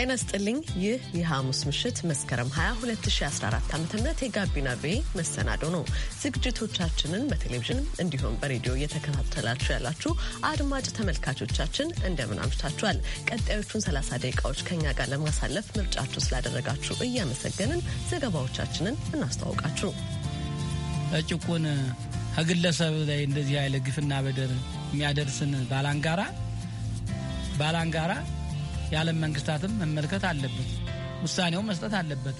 ጤና ስጥልኝ። ይህ የሐሙስ ምሽት መስከረም 20 2014 ዓ ም የጋቢና ቤ መሰናዶ ነው። ዝግጅቶቻችንን በቴሌቪዥን እንዲሁም በሬዲዮ እየተከታተላችሁ ያላችሁ አድማጭ ተመልካቾቻችን እንደምን አምሽታችኋል። ቀጣዮቹን 30 ደቂቃዎች ከኛ ጋር ለማሳለፍ ምርጫችሁ ስላደረጋችሁ እያመሰገንን ዘገባዎቻችንን እናስተዋውቃችሁ። እጭቁን ከግለሰብ ላይ እንደዚህ ያለ ግፍና በደል የሚያደርስን ባላንጋራ ባላንጋራ የዓለም መንግስታትም መመልከት አለበት፣ ውሳኔው መስጠት አለበት።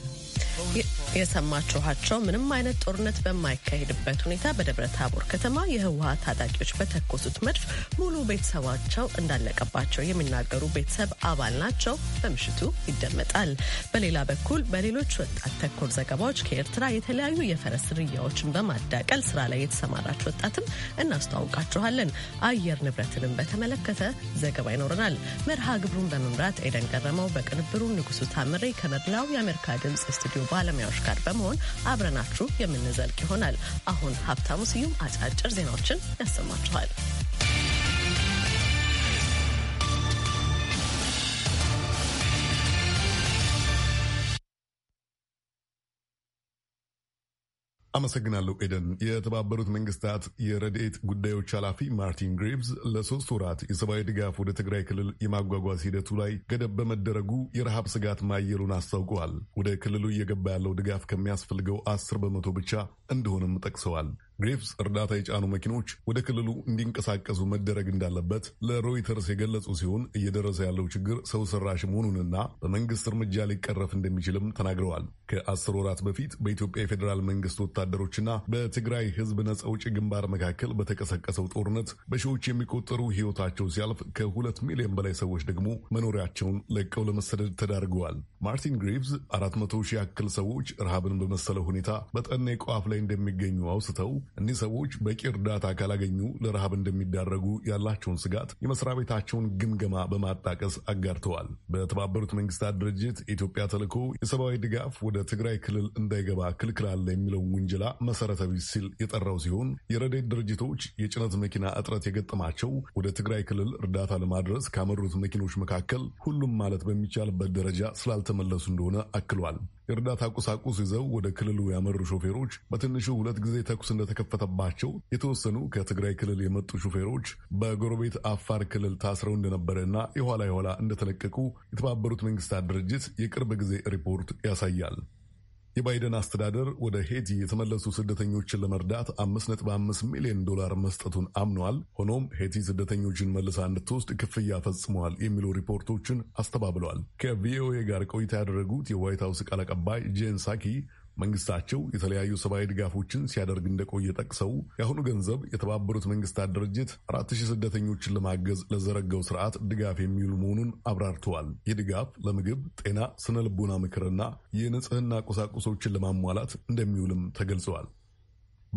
የሰማችኋቸው ምንም አይነት ጦርነት በማይካሄድበት ሁኔታ በደብረ ታቦር ከተማ የህወሀት ታጣቂዎች በተኮሱት መድፍ ሙሉ ቤተሰባቸው እንዳለቀባቸው የሚናገሩ ቤተሰብ አባል ናቸው። በምሽቱ ይደመጣል። በሌላ በኩል በሌሎች ወጣት ተኮር ዘገባዎች ከኤርትራ የተለያዩ የፈረስ ዝርያዎችን በማዳቀል ስራ ላይ የተሰማራች ወጣትም እናስተዋውቃችኋለን። አየር ንብረትንም በተመለከተ ዘገባ ይኖረናል። መርሃ ግብሩን በመምራት ኤደን ገረመው፣ በቅንብሩ ንጉሱ ታምሬ ከመላው የአሜሪካ ድምጽ ስቱዲዮ ባለሙያዎች ጋር በመሆን አብረናችሁ የምንዘልቅ ይሆናል። አሁን ሀብታሙ ስዩም አጫጭር ዜናዎችን ያሰማችኋል። አመሰግናለሁ ኤደን። የተባበሩት መንግስታት የረድኤት ጉዳዮች ኃላፊ ማርቲን ግሪቭዝ ለሶስት ወራት የሰብአዊ ድጋፍ ወደ ትግራይ ክልል የማጓጓዝ ሂደቱ ላይ ገደብ በመደረጉ የረሃብ ስጋት ማየሉን አስታውቀዋል። ወደ ክልሉ እየገባ ያለው ድጋፍ ከሚያስፈልገው አስር በመቶ ብቻ እንደሆነም ጠቅሰዋል። ግሬቭስ እርዳታ የጫኑ መኪኖች ወደ ክልሉ እንዲንቀሳቀሱ መደረግ እንዳለበት ለሮይተርስ የገለጹ ሲሆን እየደረሰ ያለው ችግር ሰው ሰራሽ መሆኑንና በመንግስት እርምጃ ሊቀረፍ እንደሚችልም ተናግረዋል። ከአስር ወራት በፊት በኢትዮጵያ የፌዴራል መንግስት ወታደሮችና በትግራይ ህዝብ ነጻ አውጪ ግንባር መካከል በተቀሰቀሰው ጦርነት በሺዎች የሚቆጠሩ ህይወታቸው ሲያልፍ ከሁለት ሚሊዮን በላይ ሰዎች ደግሞ መኖሪያቸውን ለቀው ለመሰደድ ተዳርገዋል። ማርቲን ግሬቭስ አራት መቶ ሺህ ያክል ሰዎች ረሃብን በመሰለ ሁኔታ በጠና የቋፍ ላይ እንደሚገኙ አውስተው እኒህ ሰዎች በቂ እርዳታ ካላገኙ ለረሃብ እንደሚዳረጉ ያላቸውን ስጋት የመስሪያ ቤታቸውን ግምገማ በማጣቀስ አጋርተዋል። በተባበሩት መንግስታት ድርጅት የኢትዮጵያ ተልዕኮ የሰብአዊ ድጋፍ ወደ ትግራይ ክልል እንዳይገባ ክልክላለ የሚለውን ውንጀላ መሰረተ ቢስ ሲል የጠራው ሲሆን የረዴድ ድርጅቶች የጭነት መኪና እጥረት የገጠማቸው ወደ ትግራይ ክልል እርዳታ ለማድረስ ካመሩት መኪኖች መካከል ሁሉም ማለት በሚቻልበት ደረጃ ስላልተመለሱ እንደሆነ አክሏል። የእርዳታ ቁሳቁስ ይዘው ወደ ክልሉ ያመሩ ሾፌሮች በትንሹ ሁለት ጊዜ ተኩስ እንደተከፈተባቸው፣ የተወሰኑ ከትግራይ ክልል የመጡ ሾፌሮች በጎረቤት አፋር ክልል ታስረው እንደነበረ እና የኋላ የኋላ እንደተለቀቁ የተባበሩት መንግስታት ድርጅት የቅርብ ጊዜ ሪፖርት ያሳያል። የባይደን አስተዳደር ወደ ሄቲ የተመለሱ ስደተኞችን ለመርዳት 5.5 ሚሊዮን ዶላር መስጠቱን አምነዋል። ሆኖም ሄቲ ስደተኞችን መልሳ እንድትወስድ ክፍያ ፈጽመዋል የሚሉ ሪፖርቶችን አስተባብለዋል። ከቪኦኤ ጋር ቆይታ ያደረጉት የዋይት ሀውስ ቃል አቀባይ ጄን ሳኪ መንግስታቸው የተለያዩ ሰብአዊ ድጋፎችን ሲያደርግ እንደቆየ ጠቅሰው የአሁኑ ገንዘብ የተባበሩት መንግስታት ድርጅት አራት ሺህ ስደተኞችን ለማገዝ ለዘረጋው ስርዓት ድጋፍ የሚውሉ መሆኑን አብራርተዋል። ይህ ድጋፍ ለምግብ፣ ጤና፣ ስነ ልቦና ምክርና የንጽህና ቁሳቁሶችን ለማሟላት እንደሚውልም ተገልጸዋል።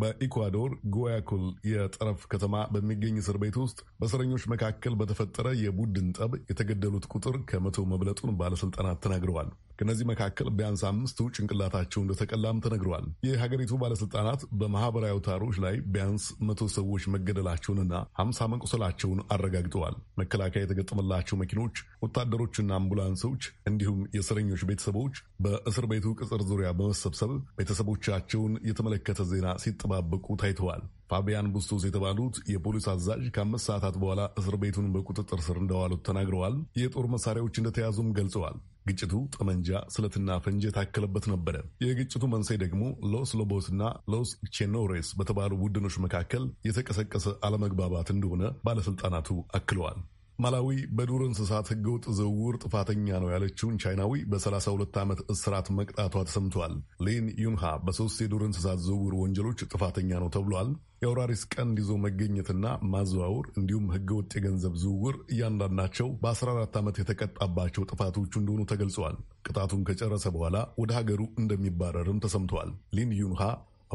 በኢኳዶር ጎያኩል የጠረፍ ከተማ በሚገኝ እስር ቤት ውስጥ በእስረኞች መካከል በተፈጠረ የቡድን ጠብ የተገደሉት ቁጥር ከመቶ መብለጡን ባለሥልጣናት ተናግረዋል። ከነዚህ መካከል ቢያንስ አምስቱ ጭንቅላታቸው እንደተቀላም ተነግረዋል። የሀገሪቱ ባለስልጣናት በማህበራዊ አውታሮች ላይ ቢያንስ መቶ ሰዎች መገደላቸውንና ሀምሳ መቁሰላቸውን አረጋግጠዋል። መከላከያ የተገጠመላቸው መኪኖች፣ ወታደሮችና አምቡላንሶች እንዲሁም የእስረኞች ቤተሰቦች በእስር ቤቱ ቅጽር ዙሪያ በመሰብሰብ ቤተሰቦቻቸውን የተመለከተ ዜና ሲጠባበቁ ታይተዋል። ፋቢያን ቡስቶስ የተባሉት የፖሊስ አዛዥ ከአምስት ሰዓታት በኋላ እስር ቤቱን በቁጥጥር ስር እንደዋሉት ተናግረዋል። የጦር መሳሪያዎች እንደተያዙም ገልጸዋል። ግጭቱ ጠመንጃ፣ ስለትና ፈንጂ የታከለበት ነበረ። የግጭቱ መንስኤ ደግሞ ሎስ ሎቦስና ሎስ ቼኖሬስ በተባሉ ቡድኖች መካከል የተቀሰቀሰ አለመግባባት እንደሆነ ባለስልጣናቱ አክለዋል። ማላዊ በዱር እንስሳት ህገወጥ ዝውውር ጥፋተኛ ነው ያለችውን ቻይናዊ በ32 ዓመት እስራት መቅጣቷ ተሰምቷል። ሊን ዩንሃ በሶስት የዱር እንስሳት ዝውውር ወንጀሎች ጥፋተኛ ነው ተብሏል። የአውራሪስ ቀንድ ይዞ መገኘትና ማዘዋወር እንዲሁም ህገወጥ የገንዘብ ዝውውር እያንዳንዳቸው በ14 ዓመት የተቀጣባቸው ጥፋቶቹ እንደሆኑ ተገልጿል። ቅጣቱን ከጨረሰ በኋላ ወደ ሀገሩ እንደሚባረርም ተሰምቷል። ሊን ዩንሃ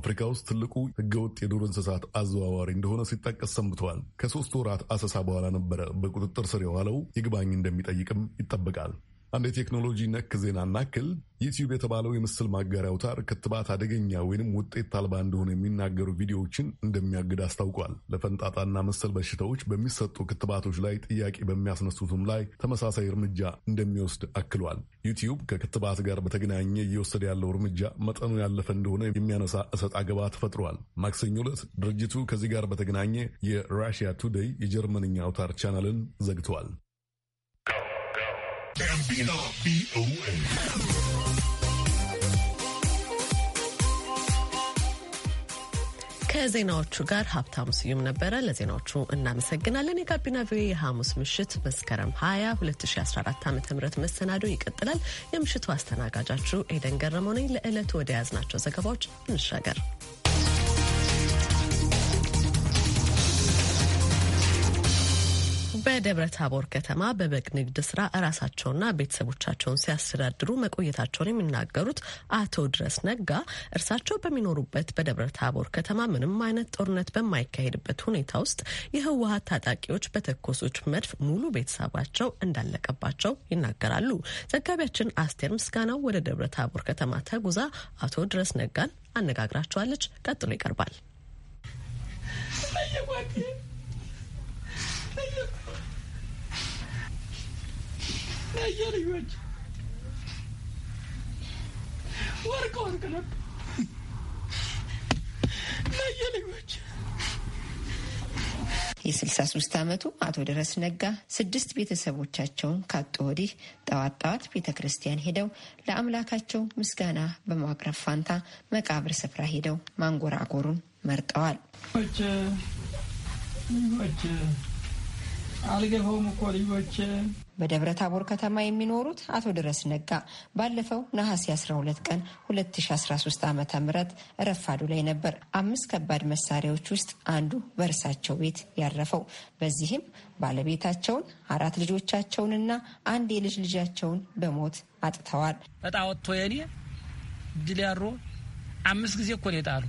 አፍሪካ ውስጥ ትልቁ ህገወጥ የዱር እንስሳት አዘዋዋሪ እንደሆነ ሲጠቀስ ሰንብተዋል። ከሶስት ወራት አሰሳ በኋላ ነበረ በቁጥጥር ስር የዋለው ይግባኝ እንደሚጠይቅም ይጠበቃል። አንድ የቴክኖሎጂ ነክ ዜና እናክል። ዩትዩብ የተባለው የምስል ማጋሪያ አውታር ክትባት አደገኛ ወይንም ውጤት አልባ እንደሆነ የሚናገሩ ቪዲዮዎችን እንደሚያግድ አስታውቋል። ለፈንጣጣና መሰል በሽታዎች በሚሰጡ ክትባቶች ላይ ጥያቄ በሚያስነሱትም ላይ ተመሳሳይ እርምጃ እንደሚወስድ አክሏል። ዩትዩብ ከክትባት ጋር በተገናኘ እየወሰደ ያለው እርምጃ መጠኑ ያለፈ እንደሆነ የሚያነሳ እሰጥ አገባ ተፈጥሯል። ማክሰኞ ዕለት ድርጅቱ ከዚህ ጋር በተገናኘ የራሽያ ቱዴይ የጀርመንኛ አውታር ቻናልን ዘግተዋል። ከዜናዎቹ ጋር ሀብታሙ ስዩም ነበረ። ለዜናዎቹ እናመሰግናለን። የጋቢና ቪ የሐሙስ ምሽት መስከረም 20 2014 ዓ ም መሰናዶ ይቀጥላል። የምሽቱ አስተናጋጃችሁ ኤደን ገረመው ነኝ። ለዕለቱ ወደ ያዝናቸው ዘገባዎች እንሻገር። በደብረ ታቦር ከተማ በበግ ንግድ ስራ እራሳቸውና ቤተሰቦቻቸውን ሲያስተዳድሩ መቆየታቸውን የሚናገሩት አቶ ድረስ ነጋ እርሳቸው በሚኖሩበት በደብረ ታቦር ከተማ ምንም አይነት ጦርነት በማይካሄድበት ሁኔታ ውስጥ የህወሀት ታጣቂዎች በተኮሶች መድፍ ሙሉ ቤተሰባቸው እንዳለቀባቸው ይናገራሉ። ዘጋቢያችን አስቴር ምስጋናው ወደ ደብረ ታቦር ከተማ ተጉዛ አቶ ድረስ ነጋን አነጋግራቸዋለች። ቀጥሎ ይቀርባል። እንደየ ልጆች ወርቅ ወርቅ ነበር። ልጆች የስልሳ ሶስት ዓመቱ አቶ ደረስ ነጋ ስድስት ቤተሰቦቻቸውን ካጡ ወዲህ ጠዋት ጠዋት ቤተ ክርስቲያን ሄደው ለአምላካቸው ምስጋና በማቅረብ ፋንታ መቃብር ስፍራ ሄደው ማንጎራጎሩን መርጠዋል። ልጆች አልገባውም እኮ ልጆቼ። በደብረ ታቦር ከተማ የሚኖሩት አቶ ድረስ ነጋ ባለፈው ነሐሴ 12 ቀን 2013 ዓ ም ረፋዱ ላይ ነበር አምስት ከባድ መሳሪያዎች ውስጥ አንዱ በእርሳቸው ቤት ያረፈው። በዚህም ባለቤታቸውን አራት ልጆቻቸውንና አንድ የልጅ ልጃቸውን በሞት አጥተዋል። እጣ ወጥቶ የኔ ድል ያሮ አምስት ጊዜ እኮ ነው የጣሉ።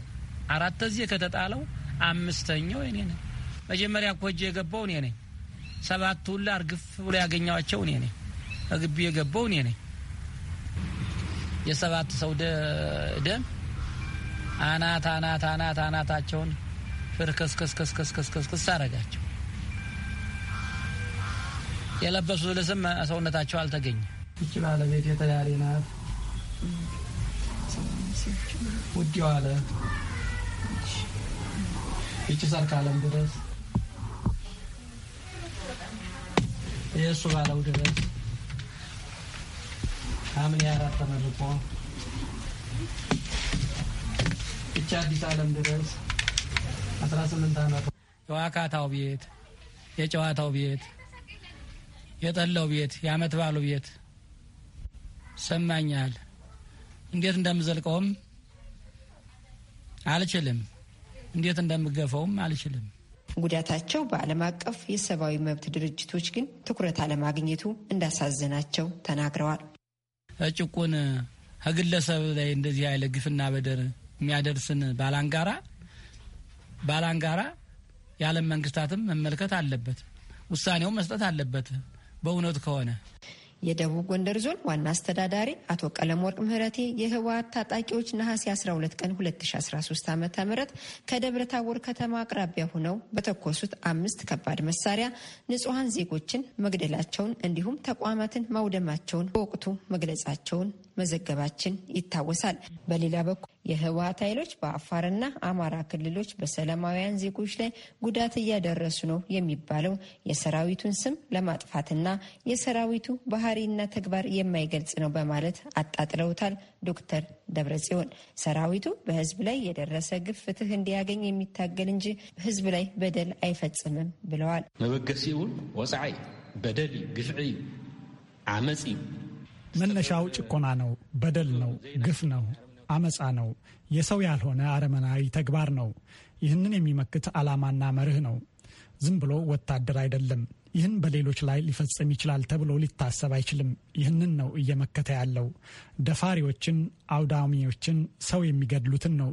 አራት ጊዜ ከተጣለው አምስተኛው የኔ ነው። መጀመሪያ እኮ እጄ የገባው እኔ ነኝ። ሰባት ሁላ እርግፍ ብሎ ያገኘዋቸው እኔ ነኝ። እግቢ የገባው እኔ ነኝ። የሰባት ሰው ደም አናት አናት አናት አናታቸውን ፍርክስክስክስክስክስክስ አረጋቸው። የለበሱት ልብስም ሰውነታቸው አልተገኘ። ይቺ ባለቤት የተዳሪ ናት። ውድ ዋለ ይቺ ሰርካለም ድረስ የእሱ ባለው ድረስ ሐምሌ አራት ተመርቆ ብቻ አዲስ ዓለም ድረስ አስራ ስምንት ዓመት የዋካታው ቤት፣ የጨዋታው ቤት፣ የጠላው ቤት፣ የአመት ባሉ ቤት ሰማኛል። እንዴት እንደምዘልቀውም አልችልም። እንዴት እንደምገፈውም አልችልም። ጉዳታቸው በዓለም አቀፍ የሰብአዊ መብት ድርጅቶች ግን ትኩረት አለማግኘቱ እንዳሳዘናቸው ተናግረዋል። ጭቁን ከግለሰብ ላይ እንደዚህ ያለ ግፍና በደር የሚያደርስን ባላንጋራ ባላንጋራ የዓለም መንግስታትም መመልከት አለበት፣ ውሳኔው መስጠት አለበት በእውነቱ ከሆነ የደቡብ ጎንደር ዞን ዋና አስተዳዳሪ አቶ ቀለም ወርቅ ምህረቴ የህወሀት ታጣቂዎች ነሐሴ 12 ቀን 2013 ዓ ም ከደብረ ታቦር ከተማ አቅራቢያ ሆነው በተኮሱት አምስት ከባድ መሳሪያ ንጹሐን ዜጎችን መግደላቸውን እንዲሁም ተቋማትን ማውደማቸውን በወቅቱ መግለጻቸውን መዘገባችን ይታወሳል። በሌላ በኩል የህወሀት ኃይሎች በአፋርና አማራ ክልሎች በሰላማውያን ዜጎች ላይ ጉዳት እያደረሱ ነው የሚባለው የሰራዊቱን ስም ለማጥፋትና የሰራዊቱ ባህሪና ተግባር የማይገልጽ ነው በማለት አጣጥለውታል። ዶክተር ደብረጽዮን ሰራዊቱ በህዝብ ላይ የደረሰ ግፍ ፍትህ እንዲያገኝ የሚታገል እንጂ ህዝብ ላይ በደል አይፈጽምም ብለዋል። መበገሲውን ወፀዓይ በደል ግፍዒ ዓመፅ እዩ መነሻው ጭቆና ነው፣ በደል ነው፣ ግፍ ነው፣ አመፃ ነው፣ የሰው ያልሆነ አረመናዊ ተግባር ነው። ይህንን የሚመክት ዓላማና መርህ ነው። ዝም ብሎ ወታደር አይደለም። ይህን በሌሎች ላይ ሊፈጽም ይችላል ተብሎ ሊታሰብ አይችልም። ይህንን ነው እየመከተ ያለው። ደፋሪዎችን፣ አውዳሚዎችን፣ ሰው የሚገድሉትን ነው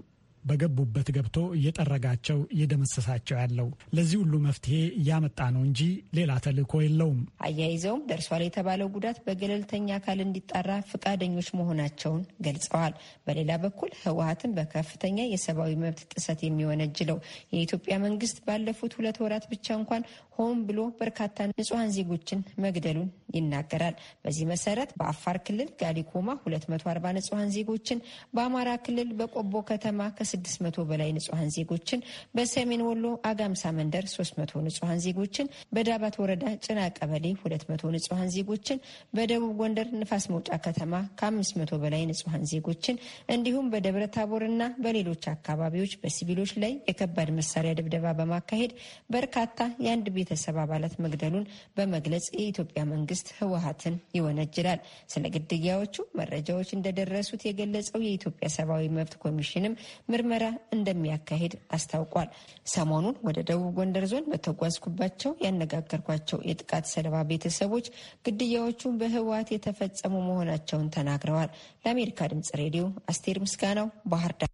በገቡበት ገብቶ እየጠረጋቸው እየደመሰሳቸው ያለው። ለዚህ ሁሉ መፍትሄ እያመጣ ነው እንጂ ሌላ ተልዕኮ የለውም። አያይዘውም ደርሷል የተባለው ጉዳት በገለልተኛ አካል እንዲጣራ ፈቃደኞች መሆናቸውን ገልጸዋል። በሌላ በኩል ህወሀትን በከፍተኛ የሰብአዊ መብት ጥሰት የሚወነጅለው የኢትዮጵያ መንግስት ባለፉት ሁለት ወራት ብቻ እንኳን ሆን ብሎ በርካታ ንጹሐን ዜጎችን መግደሉን ይናገራል። በዚህ መሰረት በአፋር ክልል ጋሊኮማ 240 ንጹሐን ዜጎችን፣ በአማራ ክልል በቆቦ ከተማ ከ600 በላይ ንጹሐን ዜጎችን፣ በሰሜን ወሎ አጋምሳ መንደር 300 ንጹሐን ዜጎችን፣ በዳባት ወረዳ ጭና ቀበሌ 200 ንጹሐን ዜጎችን፣ በደቡብ ጎንደር ንፋስ መውጫ ከተማ ከ500 በላይ ንጹሐን ዜጎችን እንዲሁም በደብረ እና በሌሎች አካባቢዎች በሲቪሎች ላይ የከባድ መሳሪያ ድብደባ በማካሄድ በርካታ የአንድ ቤት የቤተሰብ አባላት መግደሉን በመግለጽ የኢትዮጵያ መንግስት ህወሀትን ይወነጅላል። ስለ ግድያዎቹ መረጃዎች እንደደረሱት የገለጸው የኢትዮጵያ ሰብአዊ መብት ኮሚሽንም ምርመራ እንደሚያካሂድ አስታውቋል። ሰሞኑን ወደ ደቡብ ጎንደር ዞን በተጓዝኩባቸው ያነጋገርኳቸው የጥቃት ሰለባ ቤተሰቦች ግድያዎቹ በህወሀት የተፈጸሙ መሆናቸውን ተናግረዋል። ለአሜሪካ ድምጽ ሬዲዮ አስቴር ምስጋናው ባህር ዳር።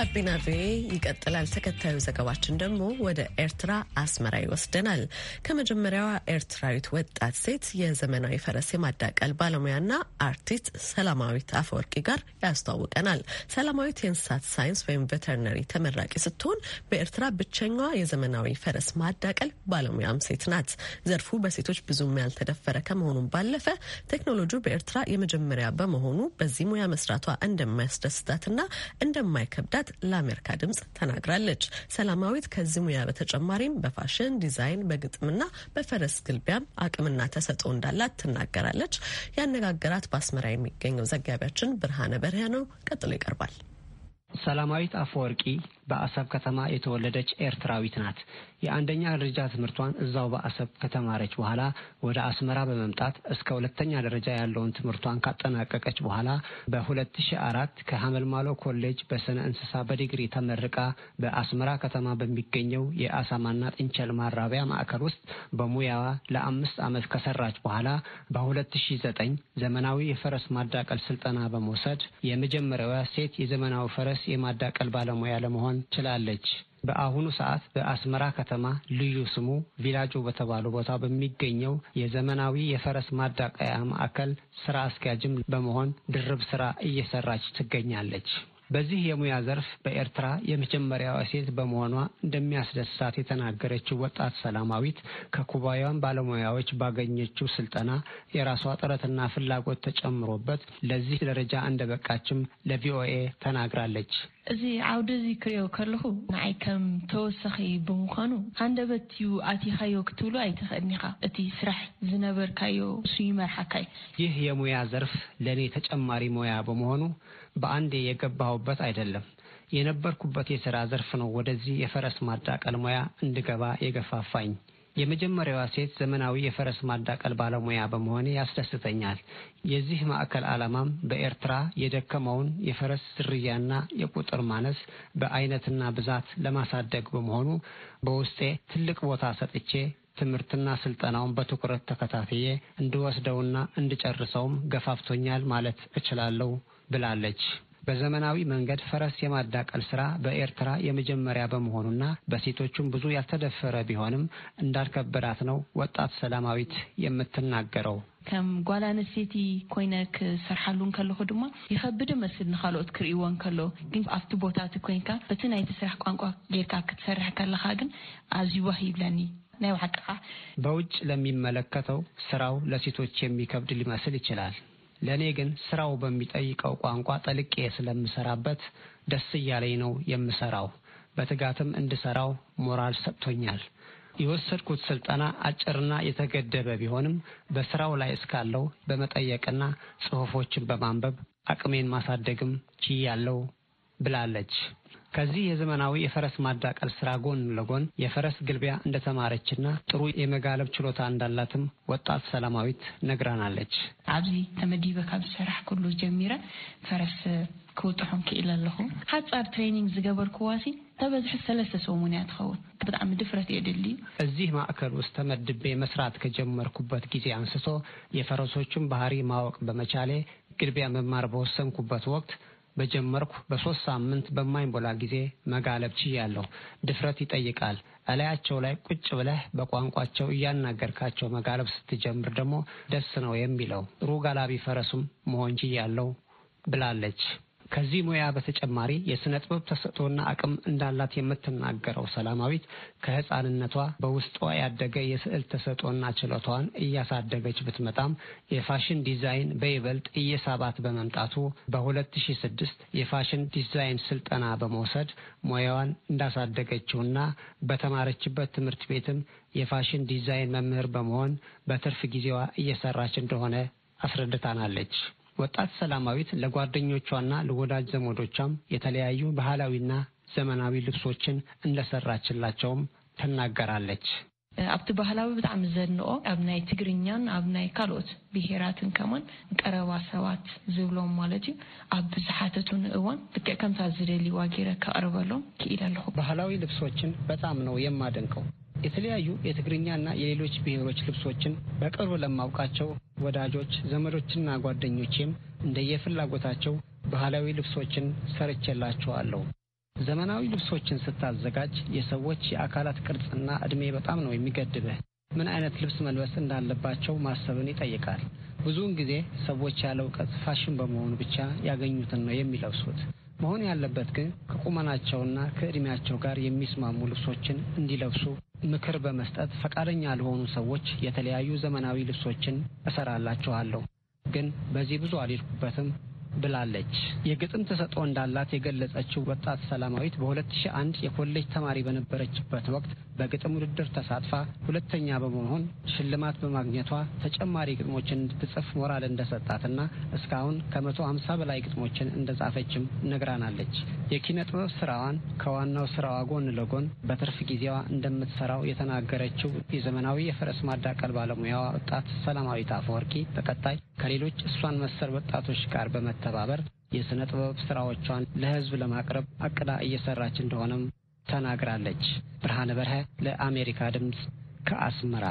ጋቢና ቪኦኤ ይቀጥላል። ተከታዩ ዘገባችን ደግሞ ወደ ኤርትራ አስመራ ይወስደናል። ከመጀመሪያዋ ኤርትራዊት ወጣት ሴት የዘመናዊ ፈረስ የማዳቀል ባለሙያና አርቲስት ሰላማዊት አፈወርቂ ጋር ያስተዋውቀናል። ሰላማዊት የእንስሳት ሳይንስ ወይም ቬተርነሪ ተመራቂ ስትሆን በኤርትራ ብቸኛዋ የዘመናዊ ፈረስ ማዳቀል ባለሙያም ሴት ናት። ዘርፉ በሴቶች ብዙም ያልተደፈረ ከመሆኑም ባለፈ ቴክኖሎጂው በኤርትራ የመጀመሪያ በመሆኑ በዚህ ሙያ መስራቷ እንደማያስደስታትና እንደማይከብዳት ለአሜሪካ ድምጽ ተናግራለች። ሰላማዊት ከዚህ ሙያ በተጨማሪም በፋሽን ዲዛይን፣ በግጥምና በፈረስ ግልቢያም አቅምና ተሰጥኦ እንዳላት ትናገራለች። ያነጋገራት በአስመራ የሚገኘው ዘጋቢያችን ብርሃነ በርያ ነው። ቀጥሎ ይቀርባል። ሰላማዊት አፈወርቂ በአሰብ ከተማ የተወለደች ኤርትራዊት ናት። የአንደኛ ደረጃ ትምህርቷን እዛው በአሰብ ከተማረች በኋላ ወደ አስመራ በመምጣት እስከ ሁለተኛ ደረጃ ያለውን ትምህርቷን ካጠናቀቀች በኋላ በ2004 ከሀመልማሎ ኮሌጅ በስነ እንስሳ በዲግሪ ተመርቃ በአስመራ ከተማ በሚገኘው የአሳማና ጥንቸል ማራቢያ ማዕከል ውስጥ በሙያዋ ለአምስት ዓመት ከሰራች በኋላ በ2009 ዘመናዊ የፈረስ ማዳቀል ስልጠና በመውሰድ የመጀመሪያዋ ሴት የዘመናዊ ፈረስ የማዳቀል ባለሙያ ለመሆን ችላለች። በአሁኑ ሰዓት በአስመራ ከተማ ልዩ ስሙ ቪላጆ በተባለው ቦታ በሚገኘው የዘመናዊ የፈረስ ማዳቀያ ማዕከል ስራ አስኪያጅም በመሆን ድርብ ስራ እየሰራች ትገኛለች። በዚህ የሙያ ዘርፍ በኤርትራ የመጀመሪያዋ ሴት በመሆኗ እንደሚያስደስታት የተናገረችው ወጣት ሰላማዊት ከኩባውያን ባለሙያዎች ባገኘችው ስልጠና የራሷ ጥረትና ፍላጎት ተጨምሮበት ለዚህ ደረጃ እንደበቃችም ለቪኦኤ ተናግራለች። እዚ ዓውደ እዚ ክሪኦ ከለኹ ንዓይ ከም ተወሳኺ ብምዃኑ ሃንደበትዩ ኣቲኻዮ ክትብሉ ኣይትኽእልኒ ኢኻ እቲ ስራሕ ዝነበርካዮ እሱ ይመርሓካ እዩ ይህ የሙያ ዘርፍ ለእኔ ተጨማሪ ሞያ በመሆኑ በአንዴ የገባሁበት ኣይደለም የነበርኩበት የስራ ዘርፍ ነው ወደዚህ የፈረስ ማዳቀል ሞያ እንድገባ የገፋፋኝ። የመጀመሪያዋ ሴት ዘመናዊ የፈረስ ማዳቀል ባለሙያ በመሆኔ ያስደስተኛል። የዚህ ማዕከል ዓላማም በኤርትራ የደከመውን የፈረስ ዝርያና የቁጥር ማነስ በአይነትና ብዛት ለማሳደግ በመሆኑ በውስጤ ትልቅ ቦታ ሰጥቼ ትምህርትና ስልጠናውን በትኩረት ተከታትዬ እንድወስደውና እንድጨርሰውም ገፋፍቶኛል ማለት እችላለሁ ብላለች። በዘመናዊ መንገድ ፈረስ የማዳቀል ስራ በኤርትራ የመጀመሪያ በመሆኑና በሴቶቹም ብዙ ያልተደፈረ ቢሆንም እንዳልከበዳት ነው ወጣት ሰላማዊት የምትናገረው። ከም ጓል ኣንስተይቲ ኮይነ ክሰርሓሉ ከለኹ ድማ ይኸብድ መስል ንካልኦት ክርእይዎ ከሎ ግን ኣብቲ ቦታ ኮይንካ በቲ ናይቲ ስራሕ ቋንቋ ጌርካ ክትሰርሕ ከለካ ግን ኣዝዩ ዋህ ይብለኒ ናይ ባዕልካ በውጭ ለሚመለከተው ስራው ለሴቶች የሚከብድ ሊመስል ይችላል። ለእኔ ግን ስራው በሚጠይቀው ቋንቋ ጠልቄ ስለምሰራበት ደስ እያለኝ ነው የምሰራው። በትጋትም እንድሰራው ሞራል ሰጥቶኛል። የወሰድኩት ስልጠና አጭርና የተገደበ ቢሆንም በስራው ላይ እስካለው በመጠየቅና ጽሑፎችን በማንበብ አቅሜን ማሳደግም ችያለው ብላለች። ከዚህ የዘመናዊ የፈረስ ማዳቀል ስራ ጎን ለጎን የፈረስ ግልቢያ እንደተማረችና ጥሩ የመጋለብ ችሎታ እንዳላትም ወጣት ሰላማዊት ነግራናለች። ኣብዚ ተመዲበ ካብ ዝሰራሕ ኩሉ ጀሚረ ፈረስ ክውጥሖም ክኢል ኣለኹ ሓፃር ትሬኒንግ ዝገበርክዋሲ ተበዝሒ ሰለስተ ሰሙን እያ ትኸውን ብጣዕሚ ድፍረት እየ ድል እዚህ ማእከል ውስጥ ተመድቤ መስራት ከጀመርኩበት ጊዜ አንስቶ የፈረሶቹን ባህሪ ማወቅ በመቻሌ ግልቢያ መማር በወሰንኩበት ወቅት በጀመርኩ በሶስት ሳምንት በማይሞላ ጊዜ መጋለብ ችያለሁ። ድፍረት ይጠይቃል። እላያቸው ላይ ቁጭ ብለህ በቋንቋቸው እያናገርካቸው መጋለብ ስትጀምር ደግሞ ደስ ነው የሚለው። ጥሩ ጋላቢ ፈረሱም መሆን ችያለሁ ብላለች። ከዚህ ሙያ በተጨማሪ የሥነ ጥበብ ተሰጥቶና አቅም እንዳላት የምትናገረው ሰላማዊት ከሕፃንነቷ በውስጧ ያደገ የስዕል ተሰጥኦና ችሎታዋን እያሳደገች ብትመጣም የፋሽን ዲዛይን በይበልጥ እየሳባት በመምጣቱ በ2006 የፋሽን ዲዛይን ስልጠና በመውሰድ ሙያዋን እንዳሳደገችውና በተማረችበት ትምህርት ቤትም የፋሽን ዲዛይን መምህር በመሆን በትርፍ ጊዜዋ እየሰራች እንደሆነ አስረድታናለች። ወጣት ሰላማዊት ለጓደኞቿና ለወዳጅ ዘመዶቿም የተለያዩ ባህላዊና ዘመናዊ ልብሶችን እንደሰራችላቸውም ትናገራለች። ኣብቲ ባህላዊ ብጣዕሚ ዘንኦ ኣብ ናይ ትግርኛን ኣብ ናይ ካልኦት ብሄራትን ከማን ቀረባ ሰባት ዝብሎም ማለት እዩ ኣብ ብዝሓተቱን እዋን ልክዕ ከምታ ዝደልዋ ገይረ ከቅርበሎም ክኢል ኣለኹ። ባህላዊ ልብሶችን በጣም ነው የማደንቀው። የተለያዩ የትግርኛና የሌሎች ብሔሮች ልብሶችን በቅርብ ለማውቃቸው ወዳጆች ዘመዶችና ጓደኞቼም እንደየፍላጎታቸው ባህላዊ ልብሶችን ሰርቼላቸዋለሁ። ዘመናዊ ልብሶችን ስታዘጋጅ የሰዎች የአካላት ቅርጽና ዕድሜ በጣም ነው የሚገድብህ። ምን አይነት ልብስ መልበስ እንዳለባቸው ማሰብን ይጠይቃል። ብዙውን ጊዜ ሰዎች ያለ እውቀት ፋሽን በመሆኑ ብቻ ያገኙትን ነው የሚለብሱት። መሆን ያለበት ግን ከቁመናቸውና ከእድሜያቸው ጋር የሚስማሙ ልብሶችን እንዲለብሱ ምክር በመስጠት ፈቃደኛ ለሆኑ ሰዎች የተለያዩ ዘመናዊ ልብሶችን እሰራላችኋለሁ። ግን በዚህ ብዙ አልሄድኩበትም። ብላለች። የግጥም ተሰጥኦ እንዳላት የገለጸችው ወጣት ሰላማዊት በ2001 የኮሌጅ ተማሪ በነበረችበት ወቅት በግጥም ውድድር ተሳትፋ ሁለተኛ በመሆን ሽልማት በማግኘቷ ተጨማሪ ግጥሞችን እንድትጽፍ ሞራል እንደሰጣትና እስካሁን ከ150 በላይ ግጥሞችን እንደጻፈችም ነግራናለች። የኪነ ጥበብ ስራዋን ከዋናው ስራዋ ጎን ለጎን በትርፍ ጊዜዋ እንደምትሰራው የተናገረችው የዘመናዊ የፈረስ ማዳቀል ባለሙያዋ ወጣት ሰላማዊት አፈወርቂ በቀጣይ ከሌሎች እሷን መሰል ወጣቶች ጋር በመተባበር የሥነ ጥበብ ሥራዎቿን ለሕዝብ ለማቅረብ አቅዳ እየሠራች እንደሆነም ተናግራለች። ብርሃነ በርሀ ለአሜሪካ ድምፅ ከአስመራ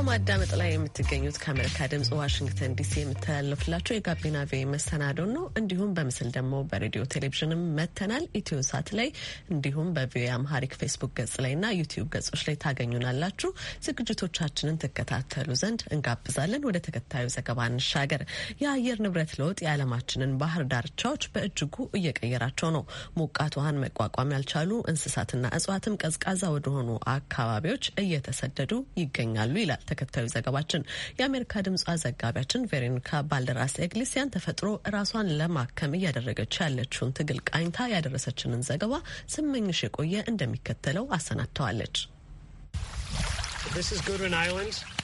በማዳመጥ ላይ የምትገኙት ከአሜሪካ ድምጽ ዋሽንግተን ዲሲ የምተላለፍላቸው የጋቢና ቪ መሰናዶ ነው። እንዲሁም በምስል ደግሞ በሬዲዮ ቴሌቪዥንም መተናል። ኢትዮ ሳት ላይ እንዲሁም በቪ አምሃሪክ ፌስቡክ ገጽ ላይና ዩቲዩብ ገጾች ላይ ታገኙናላችሁ። ዝግጅቶቻችንን ትከታተሉ ዘንድ እንጋብዛለን። ወደ ተከታዩ ዘገባ እንሻገር። የአየር ንብረት ለውጥ የዓለማችንን ባህር ዳርቻዎች በእጅጉ እየቀየራቸው ነው። ሞቃት ውሃን መቋቋም ያልቻሉ እንስሳትና እጽዋትም ቀዝቃዛ ወደሆኑ አካባቢዎች እየተሰደዱ ይገኛሉ ይላል ተከታዩ ዘገባችን። የአሜሪካ ድምጽ ዘጋቢያችን ቬሮኒካ ባልደራስ ኤግሊሲያን ተፈጥሮ ራሷን ለማከም እያደረገች ያለችውን ትግል ቃኝታ ያደረሰችንን ዘገባ ስመኝሽ የቆየ እንደሚከተለው አሰናድተዋለች።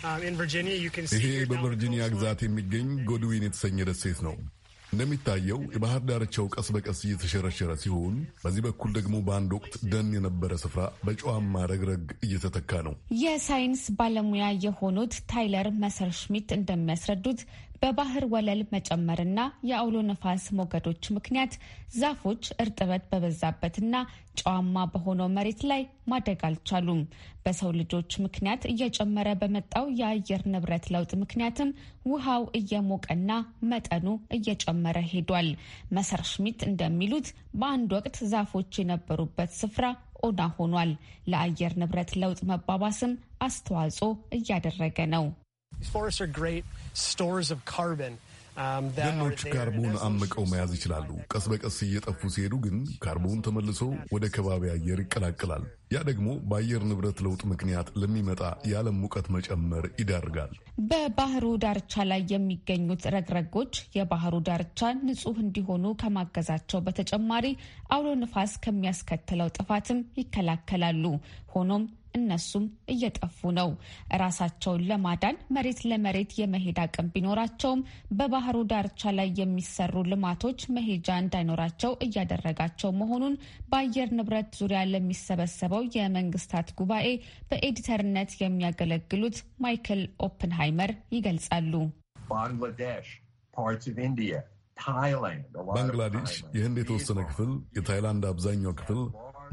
um, ይሄ በቨርጂኒያ ግዛት የሚገኝ ጎድዊን የተሰኘ ደሴት ነው። እንደሚታየው የባህር ዳርቻው ቀስ በቀስ እየተሸረሸረ ሲሆን በዚህ በኩል ደግሞ በአንድ ወቅት ደን የነበረ ስፍራ በጨዋማ ረግረግ እየተተካ ነው። የሳይንስ ባለሙያ የሆኑት ታይለር መሰር ሽሚት እንደሚያስረዱት በባህር ወለል መጨመርና የአውሎ ነፋስ ሞገዶች ምክንያት ዛፎች እርጥበት በበዛበትና ጨዋማ በሆነው መሬት ላይ ማደግ አልቻሉም። በሰው ልጆች ምክንያት እየጨመረ በመጣው የአየር ንብረት ለውጥ ምክንያትም ውሃው እየሞቀና መጠኑ እየጨመረ ሄዷል። መሰር ሽሚት እንደሚሉት በአንድ ወቅት ዛፎች የነበሩበት ስፍራ ኦና ሆኗል። ለአየር ንብረት ለውጥ መባባስም አስተዋጽኦ እያደረገ ነው። Um, ገኖች ካርቦን አምቀው መያዝ ይችላሉ። ቀስ በቀስ እየጠፉ ሲሄዱ ግን ካርቦን ተመልሶ ወደ ከባቢ አየር ይቀላቅላል። ያ ደግሞ በአየር ንብረት ለውጥ ምክንያት ለሚመጣ የዓለም ሙቀት መጨመር ይዳርጋል። በባህሩ ዳርቻ ላይ የሚገኙት ረግረጎች የባህሩ ዳርቻ ንጹህ እንዲሆኑ ከማገዛቸው በተጨማሪ አውሎ ንፋስ ከሚያስከትለው ጥፋትም ይከላከላሉ። ሆኖም እነሱም እየጠፉ ነው። ራሳቸውን ለማዳን መሬት ለመሬት የመሄድ አቅም ቢኖራቸውም በባህሩ ዳርቻ ላይ የሚሰሩ ልማቶች መሄጃ እንዳይኖራቸው እያደረጋቸው መሆኑን በአየር ንብረት ዙሪያ ለሚሰበሰበው የመንግስታት ጉባኤ በኤዲተርነት የሚያገለግሉት ማይክል ኦፕንሃይመር ይገልጻሉ። ባንግላዴሽ የህንድ የተወሰነ ክፍል፣ የታይላንድ አብዛኛው ክፍል፣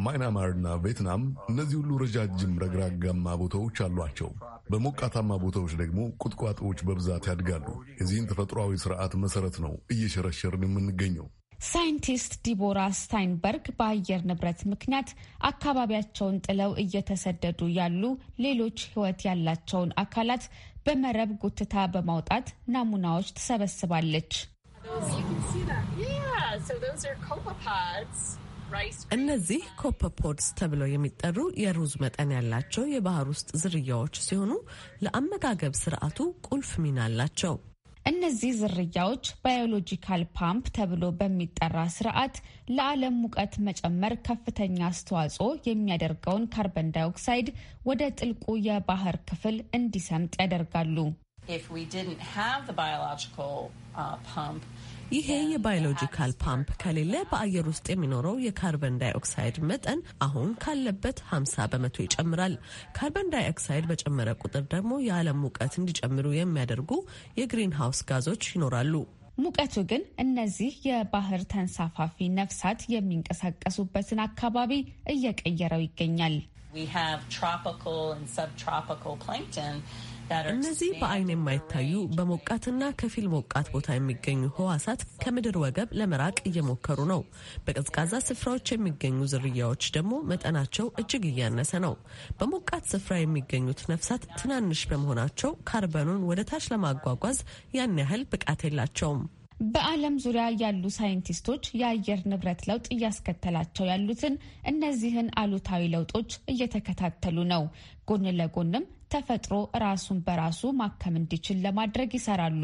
ማይናማርና ቬትናም እነዚህ ሁሉ ረጃጅም ረግራጋማ ቦታዎች አሏቸው። በሞቃታማ ቦታዎች ደግሞ ቁጥቋጦዎች በብዛት ያድጋሉ። የዚህን ተፈጥሯዊ ስርዓት መሰረት ነው እየሸረሸርን የምንገኘው። ሳይንቲስት ዲቦራ ስታይንበርግ በአየር ንብረት ምክንያት አካባቢያቸውን ጥለው እየተሰደዱ ያሉ ሌሎች ሕይወት ያላቸውን አካላት በመረብ ጉትታ በማውጣት ናሙናዎች ትሰበስባለች። እነዚህ ኮፐፖድስ ተብለው የሚጠሩ የሩዝ መጠን ያላቸው የባህር ውስጥ ዝርያዎች ሲሆኑ ለአመጋገብ ስርዓቱ ቁልፍ ሚና አላቸው። እነዚህ ዝርያዎች ባዮሎጂካል ፓምፕ ተብሎ በሚጠራ ስርዓት ለዓለም ሙቀት መጨመር ከፍተኛ አስተዋጽኦ የሚያደርገውን ካርበን ዳይኦክሳይድ ወደ ጥልቁ የባህር ክፍል እንዲሰምጥ ያደርጋሉ። ይሄ የባዮሎጂካል ፓምፕ ከሌለ በአየር ውስጥ የሚኖረው የካርበን ዳይኦክሳይድ መጠን አሁን ካለበት 50 በመቶ ይጨምራል። ካርበን ዳይኦክሳይድ በጨመረ ቁጥር ደግሞ የዓለም ሙቀት እንዲጨምሩ የሚያደርጉ የግሪን ሃውስ ጋዞች ይኖራሉ። ሙቀቱ ግን እነዚህ የባህር ተንሳፋፊ ነፍሳት የሚንቀሳቀሱበትን አካባቢ እየቀየረው ይገኛል። እነዚህ በአይን የማይታዩ በሞቃትና ከፊል ሞቃት ቦታ የሚገኙ ህዋሳት ከምድር ወገብ ለመራቅ እየሞከሩ ነው። በቀዝቃዛ ስፍራዎች የሚገኙ ዝርያዎች ደግሞ መጠናቸው እጅግ እያነሰ ነው። በሞቃት ስፍራ የሚገኙት ነፍሳት ትናንሽ በመሆናቸው ካርበኑን ወደ ታች ለማጓጓዝ ያን ያህል ብቃት የላቸውም። በዓለም ዙሪያ ያሉ ሳይንቲስቶች የአየር ንብረት ለውጥ እያስከተላቸው ያሉትን እነዚህን አሉታዊ ለውጦች እየተከታተሉ ነው። ጎን ለጎንም ተፈጥሮ ራሱን በራሱ ማከም እንዲችል ለማድረግ ይሰራሉ።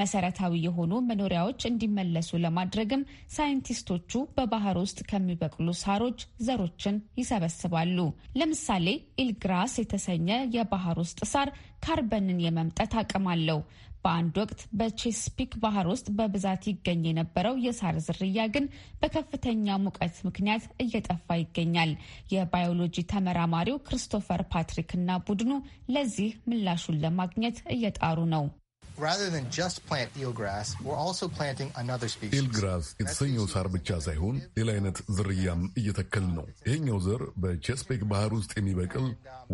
መሰረታዊ የሆኑ መኖሪያዎች እንዲመለሱ ለማድረግም ሳይንቲስቶቹ በባህር ውስጥ ከሚበቅሉ ሳሮች ዘሮችን ይሰበስባሉ። ለምሳሌ ኢልግራስ የተሰኘ የባህር ውስጥ ሳር ካርበንን የመምጠት አቅም አለው። በአንድ ወቅት በቼስፒክ ባህር ውስጥ በብዛት ይገኝ የነበረው የሳር ዝርያ ግን በከፍተኛ ሙቀት ምክንያት እየጠፋ ይገኛል። የባዮሎጂ ተመራማሪው ክሪስቶፈር ፓትሪክ እና ቡድኑ ለዚህ ምላሹን ለማግኘት እየጣሩ ነው። ኢልግራስ የተሰኘው ሳር ብቻ ሳይሆን ሌላ አይነት ዝርያም እየተከል ነው። ይሄኛው ዘር በቼስፔክ ባህር ውስጥ የሚበቅል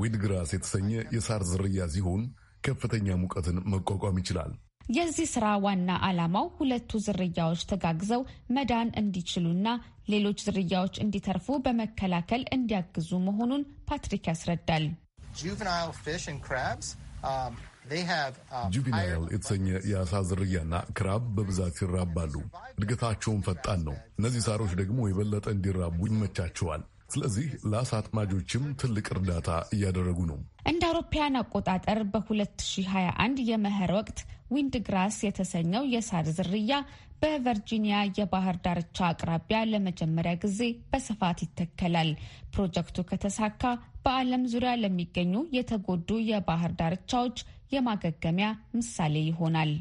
ዊድግራስ የተሰኘ የሳር ዝርያ ሲሆን ከፍተኛ ሙቀትን መቋቋም ይችላል። የዚህ ስራ ዋና ዓላማው ሁለቱ ዝርያዎች ተጋግዘው መዳን እንዲችሉና ሌሎች ዝርያዎች እንዲተርፉ በመከላከል እንዲያግዙ መሆኑን ፓትሪክ ያስረዳል። um, um, ጁቪናይል የተሰኘ የአሳ ዝርያና ክራብ በብዛት ይራባሉ። እድገታቸውን ፈጣን ነው። እነዚህ ሳሮች ደግሞ የበለጠ እንዲራቡ ይመቻቸዋል። ስለዚህ ለአሳ አጥማጆችም ትልቅ እርዳታ እያደረጉ ነው። እንደ አውሮፓያን አቆጣጠር በ2021 የመኸር ወቅት ዊንድ ግራስ የተሰኘው የሳር ዝርያ በቨርጂኒያ የባህር ዳርቻ አቅራቢያ ለመጀመሪያ ጊዜ በስፋት ይተከላል። ፕሮጀክቱ ከተሳካ በዓለም ዙሪያ ለሚገኙ የተጎዱ የባህር ዳርቻዎች የማገገሚያ ምሳሌ ይሆናል።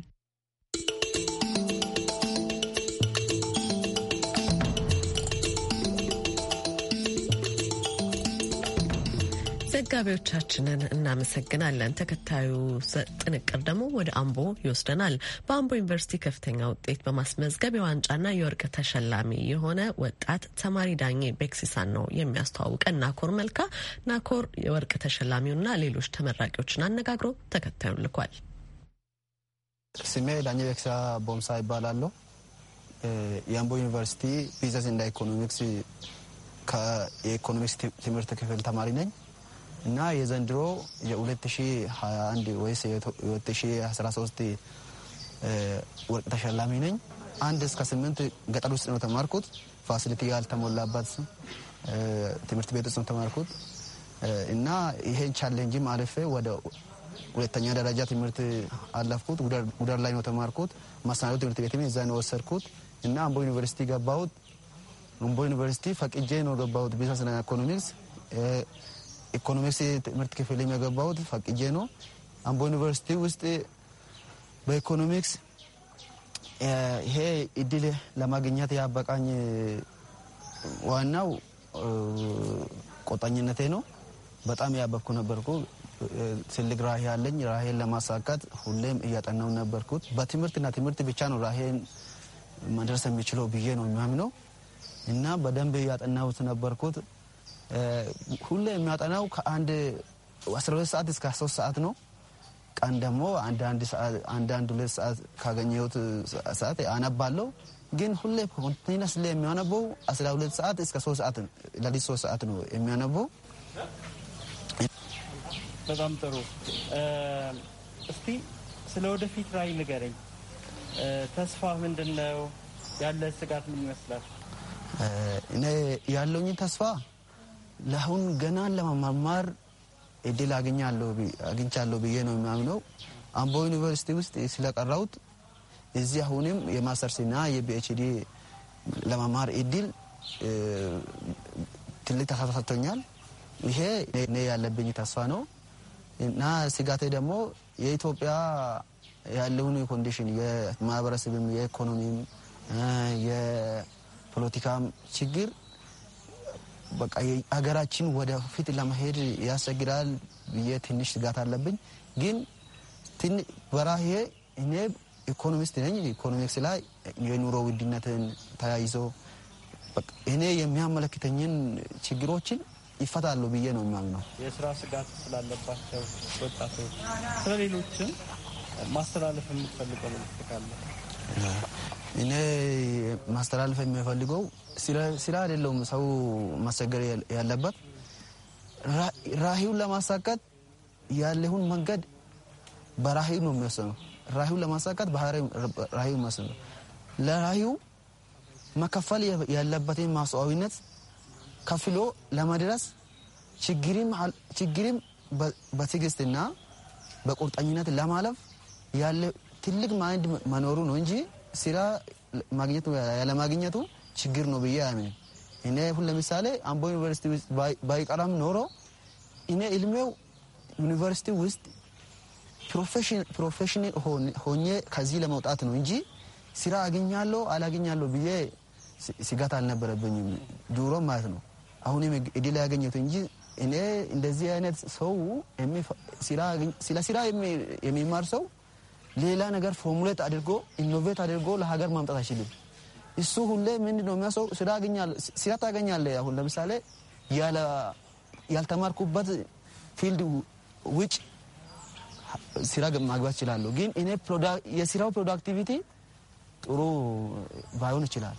ዘጋቢዎቻችንን እናመሰግናለን። ተከታዩ ጥንቅር ደግሞ ወደ አምቦ ይወስደናል። በአምቦ ዩኒቨርሲቲ ከፍተኛ ውጤት በማስመዝገብ የዋንጫና የወርቅ ተሸላሚ የሆነ ወጣት ተማሪ ዳኜ ቤክሲሳን ነው የሚያስተዋውቀን ናኮር መልካ። ናኮር የወርቅ ተሸላሚውና ሌሎች ተመራቂዎችን አነጋግሮ ተከታዩን ልኳል። ስሜ ዳኜ ቤክሳ ቦምሳ ይባላለሁ። የአምቦ ዩኒቨርሲቲ ቢዝነስ እና ኢኮኖሚክስ የኢኮኖሚክስ ትምህርት ክፍል ተማሪ ነኝ። እና የዘንድሮ የ2021 ወይስ የ2013 ወርቅ ተሸላሚ ነኝ። አንድ እስከ ስምንት ገጠር ውስጥ ነው ተማርኩት። ፋሲሊቲ ያልተሞላበት ትምህርት ቤት ውስጥ ነው ተማርኩት እና ይሄን ቻሌንጅም አልፌ ወደ ሁለተኛ ደረጃ ትምህርት አለፍኩት። ጉደር ላይ ነው ተማርኩት። መሰናዶ ትምህርት ቤት እዛ ነው ወሰድኩት እና አምቦ ዩኒቨርሲቲ ገባሁት። አምቦ ዩኒቨርሲቲ ፈቅጄ ነው ገባሁት ቢዝነስና ኢኮኖሚክስ ኢኮኖሚክስ ትምህርት ክፍል የገባሁት ፈቅጄ ነው። አምቦ ዩኒቨርሲቲ ውስጥ በኢኮኖሚክስ ይሄ እድል ለማግኘት ያበቃኝ ዋናው ቆጣኝነቴ ነው። በጣም ያበኩ ነበርኩ። ትልቅ ራሄ አለኝ። ራሄን ለማሳካት ሁሌም እያጠናው ነበርኩት። በትምህርትና ትምህርት ብቻ ነው ራሄን መድረስ የሚችለው ብዬ ነው የሚያምነው እና በደንብ እያጠናሁት ነበርኩት። ሁሌ የሚያጠናው ከአንድ 12 ሰዓት እስከ 3 ሰዓት ነው። ቀን ደግሞ አንዳንድ ሁለት ሰዓት ካገኘሁት ሰዓት አነባለሁ። ግን ሁሌ ኮንቲነስ ላይ የሚያነበው 12 ሰዓት እስከ 3 ሰዓት ለሊት ሰዓት ነው የሚያነበው። በጣም ጥሩ። እስቲ ስለ ወደፊት ራዕይ ንገረኝ። ተስፋ ምንድን ነው? ያለ ስጋት ምን ይመስላል? እኔ ተስፋ ለአሁን ገና ለመማር እድል አግኝቻለሁ ብዬ ነው የሚያምነው። አምቦ ዩኒቨርሲቲ ውስጥ ስለቀራሁት እዚህ አሁንም የማስተርስና የፒኤችዲ ለመማር እድል ትልቅ ተሳሳቶኛል። ይሄ እኔ ያለብኝ ተስፋ ነው እና ስጋቴ ደግሞ የኢትዮጵያ ያለውን ኮንዲሽን የማህበረሰብም፣ የኢኮኖሚም፣ የፖለቲካም ችግር በቃ ሀገራችን ወደፊት ለመሄድ ያስቸግራል ብዬ ትንሽ ስጋት አለብኝ። ግን በራሄ እኔ ኢኮኖሚስት ነኝ። ኢኮኖሚክስ ላይ የኑሮ ውድነትን ተያይዞ እኔ የሚያመለክተኝን ችግሮችን ይፈታሉ ብዬ ነው የሚያምነው። የስራ ስጋት ስላለባቸው ወጣቶች ስለሌሎችም ማስተላለፍ የምትፈልገው መልዕክት ካለ እኔ ማስተላለፍ የሚፈልገው ስራ አይደለውም ሰው ማስቸገር ያለበት ራሂውን ለማሳካት ያለሁን መንገድ በራሂው ነው የሚወሰነው። ራሂውን ለማሳካት በራሂው የሚወሰነው ለራሂው መከፈል ያለበትን ማስዋዕትነት ከፍሎ ለመድረስ ችግርም በትዕግስትና በቁርጠኝነት ለማለፍ ያለ ትልቅ ማይንድ መኖሩ ነው እንጂ ስራ ማግኘቱ ያለማግኘቱ ችግር ነው ብዬ አያምንም። እኔ ሁን ለምሳሌ አምቦ ዩኒቨርሲቲ ውስጥ ባይቀራም ኖሮ እኔ እልሜው ዩኒቨርሲቲ ውስጥ ፕሮፌሽናል ሆኜ ከዚህ ለመውጣት ነው እንጂ ስራ አገኛለሁ አላገኛለሁ ብዬ ስጋት አልነበረብኝም ድሮ ማለት ነው። አሁንም እድል ያገኘሁት እንጂ እኔ እንደዚህ አይነት ሰው ስለ ስራ የሚማር ሰው ሌላ ነገር ፎርሙሌት አድርጎ ኢኖቬት አድርጎ ለሀገር ማምጣት አይችልም። እሱ ሁሌ ምንድ ነው የሚያሰው ስራ ታገኛለ። አሁን ለምሳሌ ያልተማርኩበት ፊልድ ውጭ ስራ ማግባት ይችላለሁ፣ ግን እኔ የስራው ፕሮዳክቲቪቲ ጥሩ ባይሆን ይችላል።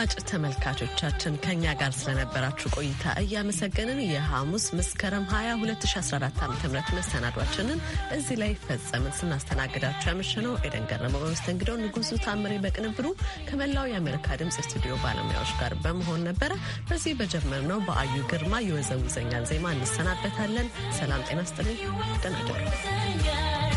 አድማጭ ተመልካቾቻችን ከእኛ ጋር ስለነበራችሁ ቆይታ እያመሰገንን የሐሙስ መስከረም 20 2014 ዓ ም መሰናዷችንን እዚህ ላይ ፈጸምን። ስናስተናግዳችሁ ያመሸነው ኤደን ገረመው በመስተንግደው፣ ንጉሱ ታምሬ በቅንብሩ ከመላው የአሜሪካ ድምፅ ስቱዲዮ ባለሙያዎች ጋር በመሆን ነበረ። በዚህ በጀመርነው በአዩ ግርማ የወዘውዘኛን ዜማ እንሰናበታለን። ሰላም ጤና ስጥልኝ። ደህና